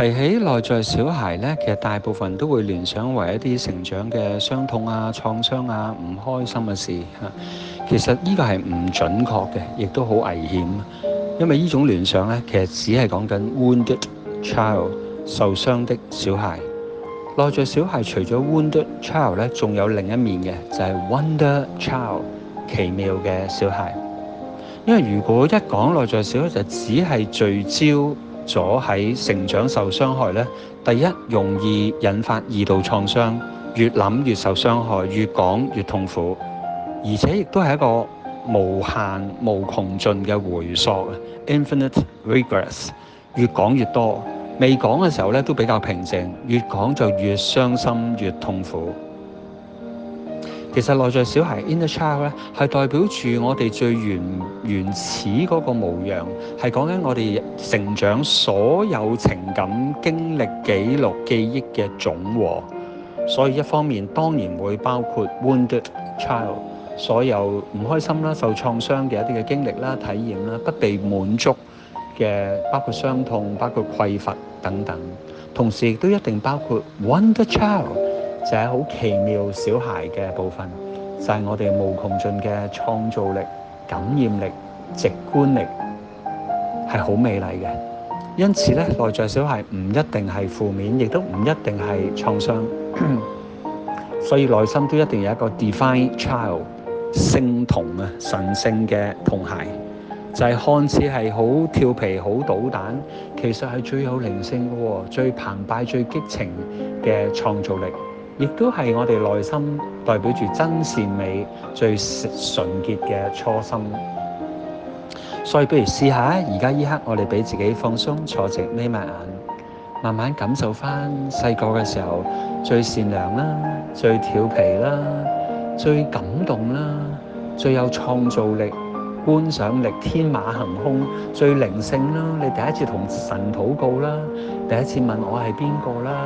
提起內在小孩咧，其實大部分都會聯想為一啲成長嘅傷痛啊、創傷啊、唔開心嘅事嚇。其實呢個係唔準確嘅，亦都好危險，因為呢種聯想咧，其實只係講緊 wounded child 受傷的小孩。內在小孩除咗 wounded child 咧，仲有另一面嘅，就係 wonder child 奇妙嘅小孩。因為如果一講內在小孩，就只係聚焦咗喺成長受傷害咧，第一容易引發二度創傷，越諗越受傷害，越講越痛苦，而且亦都係一個無限無窮盡嘅回溯，infinite regress，越講越多。未講嘅時候咧都比較平靜，越講就越傷心越痛苦。其實內在小孩 inner child 咧，係代表住我哋最原原始嗰個模樣，係講緊我哋成長所有情感經歷記錄記憶嘅總和。所以一方面當然會包括 wounded child，所有唔開心啦、受創傷嘅一啲嘅經歷啦、體驗啦、不被滿足嘅，包括傷痛、包括匱乏等等。同時亦都一定包括 wonder child。就係好奇妙小孩嘅部分，就係、是、我哋無窮盡嘅創造力、感染力、直觀力，係好美麗嘅。因此咧，內在小孩唔一定係負面，亦都唔一定係創傷，所以內心都一定有一個 Divine Child 聖童啊，神聖嘅童鞋，就係、是、看似係好調皮、好搗蛋，其實係最有靈性嘅、哦、最澎湃、最激情嘅創造力。亦都係我哋內心代表住真善美最純潔嘅初心，所以不如試下而家依刻我哋俾自己放鬆，坐直，眯埋眼，慢慢感受翻細個嘅時候最善良啦，最調皮啦，最感動啦，最有創造力、觀賞力，天馬行空，最靈性啦，你第一次同神禱告啦，第一次問我係邊個啦。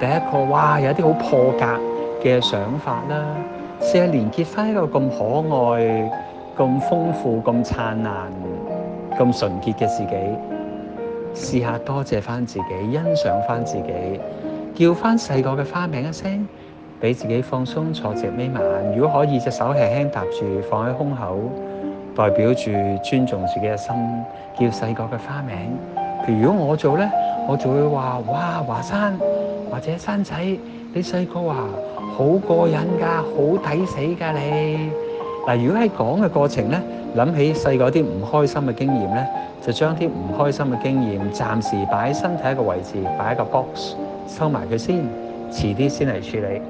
第一個哇，有一啲好破格嘅想法啦。試下連結翻一個咁可愛、咁豐富、咁燦爛、咁純潔嘅自己，試下多謝翻自己，欣賞翻自己，叫翻細個嘅花名一聲，俾自己放鬆坐直，眯埋眼。如果可以，隻手輕輕搭住放喺胸口，代表住尊重自己嘅心，叫細個嘅花名。譬如如果我做呢，我就會話：哇華山！或者生仔你細個啊，好過癮㗎，好抵死㗎！你嗱，如果喺講嘅過程咧，諗起細個啲唔開心嘅經驗咧，就將啲唔開心嘅經驗暫時擺喺身體一個位置，擺一個 box 收埋佢先，遲啲先嚟處理。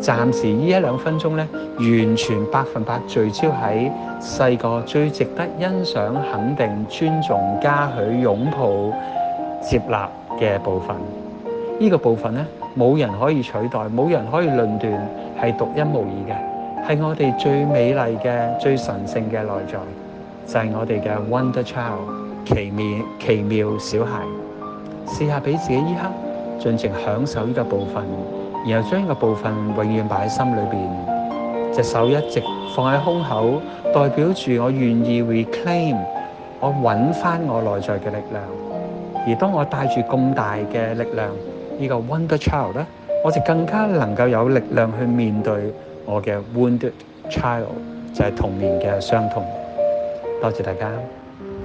暫時呢一兩分鐘咧，完全百分百聚焦喺細個最值得欣賞、肯定、尊重、嘉許、擁抱、接納嘅部分。呢個部分咧，冇人可以取代，冇人可以論斷，係獨一無二嘅，係我哋最美麗嘅、最神性嘅內在，就係我哋嘅 Wonder Child，奇妙奇妙小孩。試下俾自己一刻盡情享受呢個部分，然後將呢個部分永遠擺喺心裏邊，隻手一直放喺胸口，代表住我願意 reclaim，我揾翻我內在嘅力量。而當我帶住咁大嘅力量，呢個 wonder child 咧，我就更加能夠有力量去面對我嘅 wounded child，就係童年嘅傷痛。多謝大家。